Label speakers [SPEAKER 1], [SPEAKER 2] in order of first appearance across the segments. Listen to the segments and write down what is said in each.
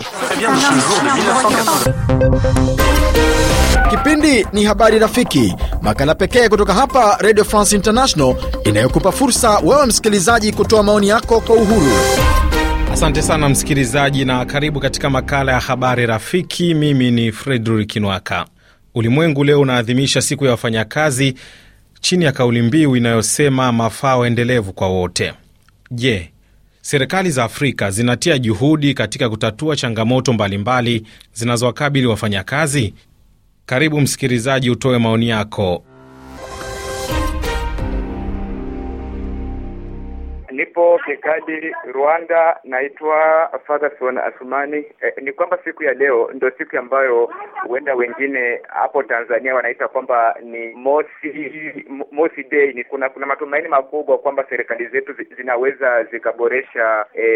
[SPEAKER 1] Très bien, Kipindi ni Habari Rafiki, makala pekee kutoka hapa Radio France International inayokupa fursa wewe msikilizaji kutoa maoni yako kwa uhuru. Asante sana msikilizaji, na karibu katika makala ya Habari Rafiki. Mimi ni Fredrik Nwaka. Ulimwengu leo unaadhimisha siku ya wafanyakazi chini ya kauli mbiu inayosema mafao endelevu kwa wote. Je, Serikali za Afrika zinatia juhudi katika kutatua changamoto mbalimbali zinazowakabili wafanyakazi. Karibu msikilizaji, utoe maoni yako.
[SPEAKER 2] Nipo kikadi Rwanda. Naitwa Father Son Asumani. E, ni kwamba siku ya leo ndio siku ambayo huenda wengine hapo Tanzania wanaita kwamba ni Mosi Mosi Day. Ni kuna kuna matumaini makubwa kwamba serikali zetu zinaweza zikaboresha e,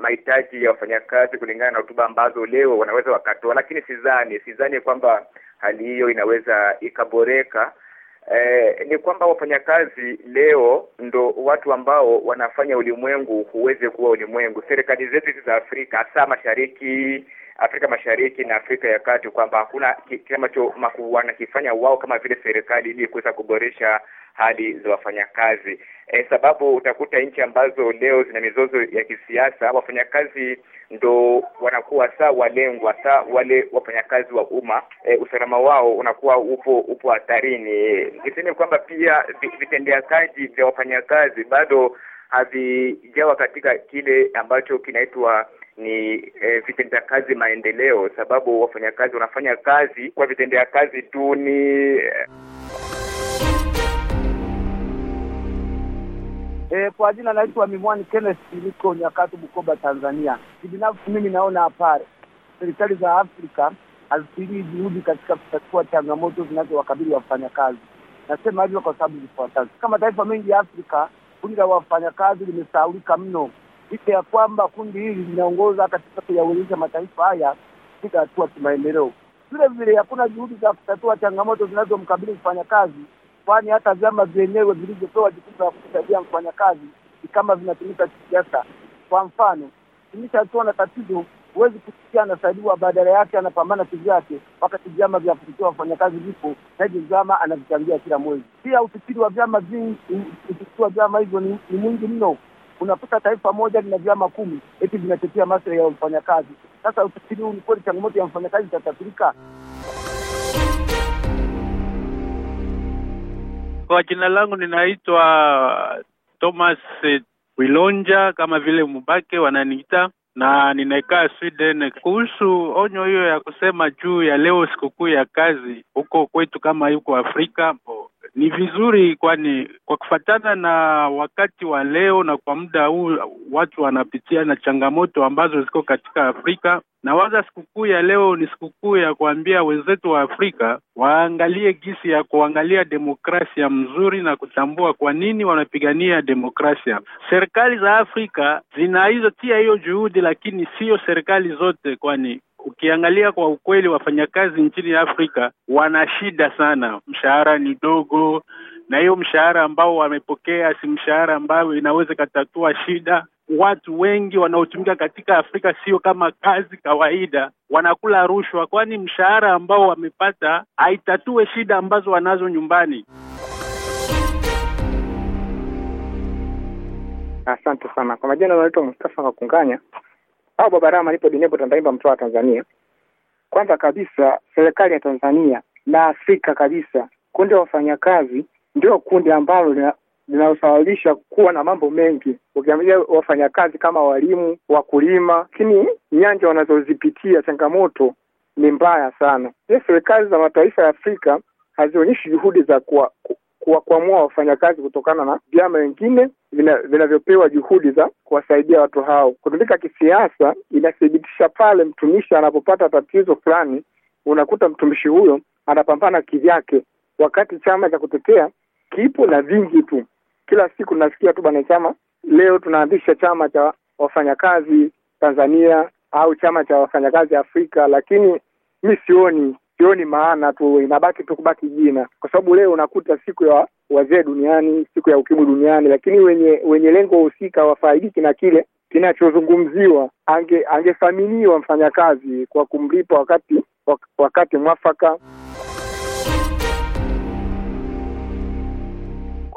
[SPEAKER 2] mahitaji ya wafanyakazi kulingana na hotuba ambazo leo wanaweza wakatoa, lakini sidhani sidhani kwamba hali hiyo inaweza ikaboreka Eh, ni kwamba wafanyakazi leo ndo watu ambao wanafanya ulimwengu huweze kuwa ulimwengu. Serikali zetu za Afrika hasa mashariki Afrika Mashariki na Afrika ya Kati kwamba hakuna kile ambacho wanakifanya wao kama vile serikali ili kuweza kuboresha hali za wafanyakazi e, sababu utakuta nchi ambazo leo zina mizozo ya kisiasa, wafanyakazi ndo wanakuwa saa walengwa, saa wale wafanyakazi wa umma e, usalama wao unakuwa upo upo hatarini. Niseme kwamba pia vitendea kazi vya wafanyakazi bado havijawa katika kile ambacho kinaitwa ni e, vitendea kazi maendeleo, sababu wafanyakazi wanafanya kazi kwa vitendea kazi ni
[SPEAKER 3] E, kwa jina naitwa Mimwani Kenneth, niko nyakatu Bukoba, Tanzania. Kibinafsi mimi naona hapa serikali za Afrika hazitilii juhudi katika kutatua changamoto zinazowakabili wafanyakazi. Nasema hivyo kwa sababu zifuatazo. Kama taifa mengi ya Afrika, kundi la wafanyakazi limesahaulika mno licha ya kwamba kundi hili linaongoza katika kuyawezesha mataifa haya katika hatua kimaendeleo. Vile vile hakuna juhudi za kutatua changamoto zinazomkabili mfanyakazi, kwani hata vyama vyenyewe vilivyopewa jukumu la kusaidia mfanyakazi ni kama vinatumika kisiasa. Kwa mfano, mtumishi akiwa na tatizo huwezi kusikia anasaidiwa, badala yake anapambana kivyake, wakati vyama vya kutetea wafanyakazi vipo na hivyo vyama anavichangia kila mwezi. Pia ufikiri wa vyama vingi, ufikiri wa vyama hivyo ni, ni mwingi mno unapata taifa moja lina vyama kumi eti vinatetea maslahi ya mfanyakazi. Sasa ufikiri huu ni kweli changamoto ya mfanyakazi itatafirika?
[SPEAKER 4] Kwa jina langu ninaitwa Thomas Wilonja, kama vile Mubake wananiita na ninaikaa Sweden. Kuhusu onyo hiyo ya kusema juu ya leo sikukuu ya kazi huko kwetu kama yuko Afrika ni vizuri, kwani kwa kufatana na wakati wa leo na kwa muda huu watu wanapitia na changamoto ambazo ziko katika Afrika na waza sikukuu ya leo ni sikukuu ya kuambia wenzetu wa Afrika waangalie gisi ya kuangalia demokrasia mzuri na kutambua kwa nini wanapigania demokrasia. Serikali za Afrika zinaizotia hiyo juhudi, lakini sio serikali zote, kwani ukiangalia kwa ukweli, wafanyakazi nchini Afrika wana shida sana, mshahara ni dogo, na hiyo mshahara ambao wamepokea si mshahara ambayo inaweza ikatatua shida watu wengi wanaotumika katika Afrika sio kama kazi kawaida, wanakula rushwa, kwani mshahara ambao wamepata haitatue shida ambazo wanazo nyumbani.
[SPEAKER 3] Asante sana kwa majina, naitwa Mustafa Kakunganya
[SPEAKER 4] au Baba Rama, nipo Dinepo Tandaimba,
[SPEAKER 3] mtoa wa Tanzania. Kwanza kabisa, serikali ya Tanzania na Afrika kabisa, kundi la wafanyakazi ndio kundi ambalo linalosababisha kuwa na mambo mengi, ukiangalia wafanyakazi kama walimu, wakulima, lakini nyanja wanazozipitia changamoto ni mbaya sana. Je, serikali za mataifa ya Afrika hazionyeshi juhudi za kuwa kuwakwamua wafanyakazi kutokana na vyama wengine vinavyopewa juhudi za kuwasaidia watu hao. Kutumika kisiasa inathibitisha pale mtumishi anapopata tatizo fulani, unakuta mtumishi huyo anapambana kivyake, wakati chama cha kutetea kipo na vingi tu. Kila siku nasikia tu bwana chama, leo tunaanzisha chama cha wafanyakazi Tanzania au chama cha wafanyakazi Afrika, lakini mi sioni sioni maana tu, inabaki tu kubaki jina, kwa sababu leo unakuta siku ya wazee duniani, siku ya ukimwi duniani, lakini wenye wenye lengo husika wafaidiki na kile kinachozungumziwa. Ange angethaminiwa mfanyakazi kwa kumlipa wakati wakati mwafaka.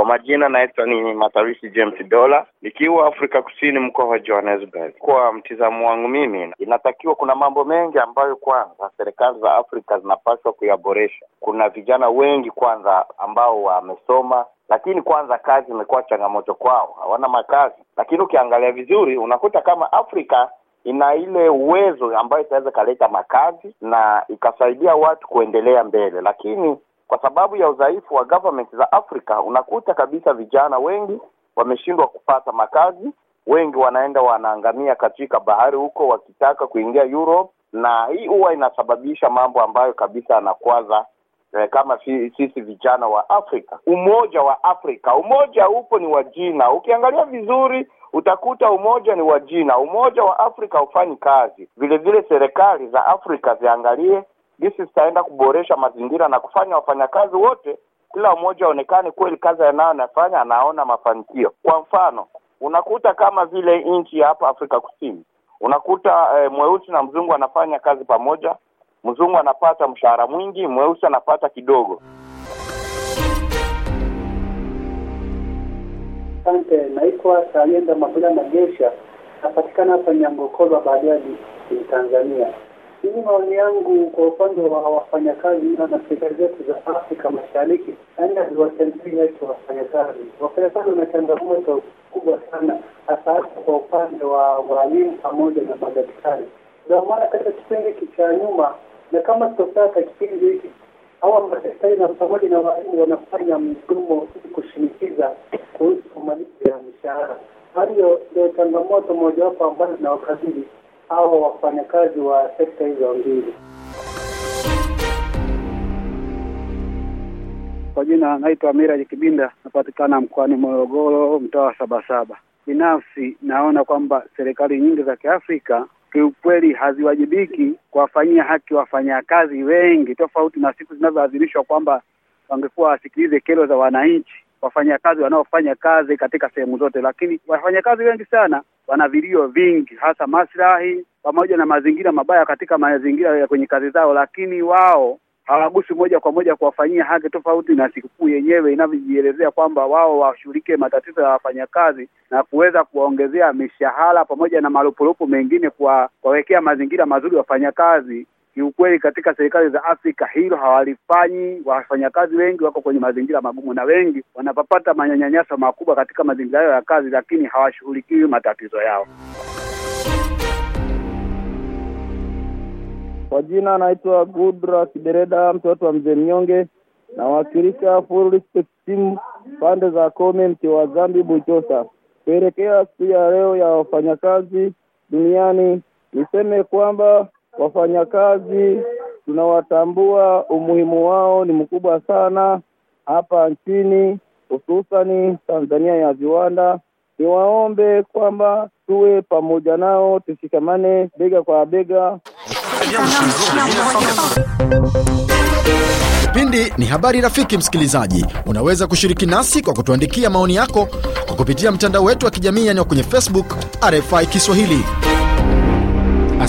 [SPEAKER 5] majina naitwa ni matarishi James Dola, nikiwa Afrika Kusini, mkoa wa Johannesburg. Kwa mtizamo wangu mimi, inatakiwa kuna mambo mengi ambayo kwanza serikali za Afrika zinapaswa kuyaboresha. Kuna vijana wengi kwanza ambao wamesoma lakini kwanza kazi imekuwa changamoto kwao, hawana makazi. Lakini ukiangalia vizuri, unakuta kama Afrika ina ile uwezo ambayo itaweza ikaleta makazi na ikasaidia watu kuendelea mbele, lakini kwa sababu ya udhaifu wa government za Afrika, unakuta kabisa vijana wengi wameshindwa kupata makazi, wengi wanaenda wanaangamia katika bahari huko wakitaka kuingia Europe, na hii huwa inasababisha mambo ambayo kabisa yanakwaza eh, kama sisi vijana wa Afrika. Umoja wa Afrika, umoja upo ni wa jina. Ukiangalia vizuri, utakuta umoja ni wa jina. Umoja wa Afrika haufanyi kazi. Vilevile serikali za Afrika ziangalie gisi zitaenda kuboresha mazingira na kufanya wafanyakazi wote, kila mmoja aonekane kweli kazi anayonafanya anaona mafanikio. Kwa mfano, unakuta kama vile nchi ya hapa Afrika Kusini unakuta e, mweusi na mzungu anafanya kazi pamoja, mzungu anapata mshahara mwingi, mweusi anapata kidogo.
[SPEAKER 4] Asante, naitwa saenda Mabula Magesha, napatikana hapa Nyangokolwa, baadaye Tanzania. Mimi maoni yangu kwa upande wa wafanyakazi na serikali zetu za Afrika Mashariki, aina ziwatendei wetu wafanyakazi. Wafanyakazi wana changamoto kubwa sana, hasa hasa kwa upande wa walimu pamoja na madaktari. Ndio maana katika kipindi hiki cha nyuma, na kama tutotaka kipindi hiki hawa madaktari na pamoja na walimu wanafanya mgomo ili kushinikiza kuhusu malipo ya mishahara. Hayo ndio changamoto mojawapo ambayo inawakabili au wafanyakazi wa sekta hizo mbili.
[SPEAKER 3] Kwa jina naitwa Miraji Kibinda, napatikana mkoani Morogoro, mtaa wa Sabasaba. Binafsi naona kwamba serikali nyingi za Kiafrika kiukweli haziwajibiki kuwafanyia haki wafanyakazi wengi, tofauti na siku zinazoadhimishwa kwamba wangekuwa wasikilize kero za wananchi, wafanyakazi wanaofanya kazi katika sehemu zote, lakini wafanyakazi wengi sana wana vilio vingi, hasa maslahi pamoja na mazingira mabaya katika mazingira ya kwenye kazi zao, lakini wao hawagusi moja kwa moja kuwafanyia haki, tofauti na sikukuu yenyewe inavyojielezea kwamba wao washughulike matatizo ya wafanyakazi na kuweza kuwaongezea mishahara pamoja na marupurupu mengine, kuwawekea mazingira mazuri wafanyakazi kiukweli katika serikali za Afrika hilo hawalifanyi. Wafanyakazi wengi wako kwenye mazingira magumu na wengi wanapapata manyanyanyaso makubwa katika mazingira yao ya kazi, lakini hawashughulikiwi matatizo yao.
[SPEAKER 5] Kwa jina anaitwa Gudra kibereda mtoto wa mzee Mnyonge, nawakilisha Full Respect Team pande za Kome, wa Zambi, Buchosa, kuelekea siku ya leo ya wafanyakazi duniani. Niseme kwamba Wafanyakazi tunawatambua, umuhimu wao ni mkubwa sana hapa nchini, hususani Tanzania ya viwanda. Niwaombe kwamba tuwe pamoja nao, tushikamane bega kwa bega.
[SPEAKER 1] Kipindi ni habari. Rafiki msikilizaji, unaweza kushiriki nasi kwa kutuandikia maoni yako kwa kupitia mtandao wetu wa kijamii, yani kwenye Facebook RFI Kiswahili.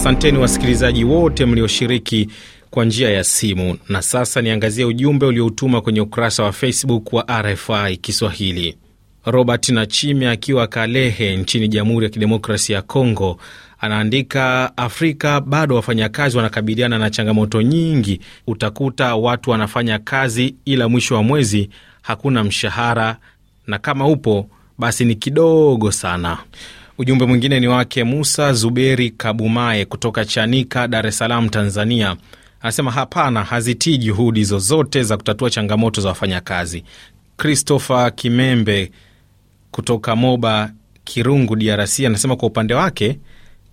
[SPEAKER 1] Asanteni wasikilizaji wote mlioshiriki kwa njia ya simu. Na sasa niangazie ujumbe ulioutuma kwenye ukurasa wa Facebook wa RFI Kiswahili. Robert Nachime akiwa Kalehe nchini Jamhuri ya Kidemokrasia ya Kongo anaandika, Afrika bado wafanyakazi wanakabiliana na changamoto nyingi. Utakuta watu wanafanya kazi, ila mwisho wa mwezi hakuna mshahara, na kama upo basi ni kidogo sana. Ujumbe mwingine ni wake Musa Zuberi Kabumae kutoka Chanika, Dar es Salaam, Tanzania. Anasema hapana, hazitii juhudi zozote za kutatua changamoto za wafanyakazi. Christopher Kimembe kutoka Moba Kirungu, DRC anasema kwa upande wake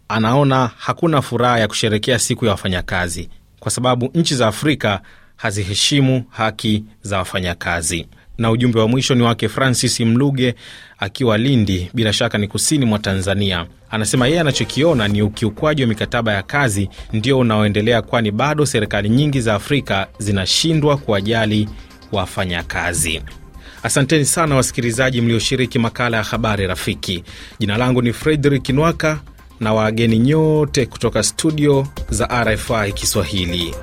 [SPEAKER 1] anaona hakuna furaha ya kusherekea siku ya wafanyakazi kwa sababu nchi za Afrika haziheshimu haki za wafanyakazi na ujumbe wa mwisho ni wake Francis Mluge akiwa Lindi, bila shaka ni kusini mwa Tanzania. Anasema yeye anachokiona ni ukiukwaji wa mikataba ya kazi ndio unaoendelea, kwani bado serikali nyingi za Afrika zinashindwa kuwajali wafanyakazi. Asanteni sana wasikilizaji mlioshiriki makala ya habari rafiki. Jina langu ni Frederick Nwaka na wageni nyote kutoka studio za RFI Kiswahili.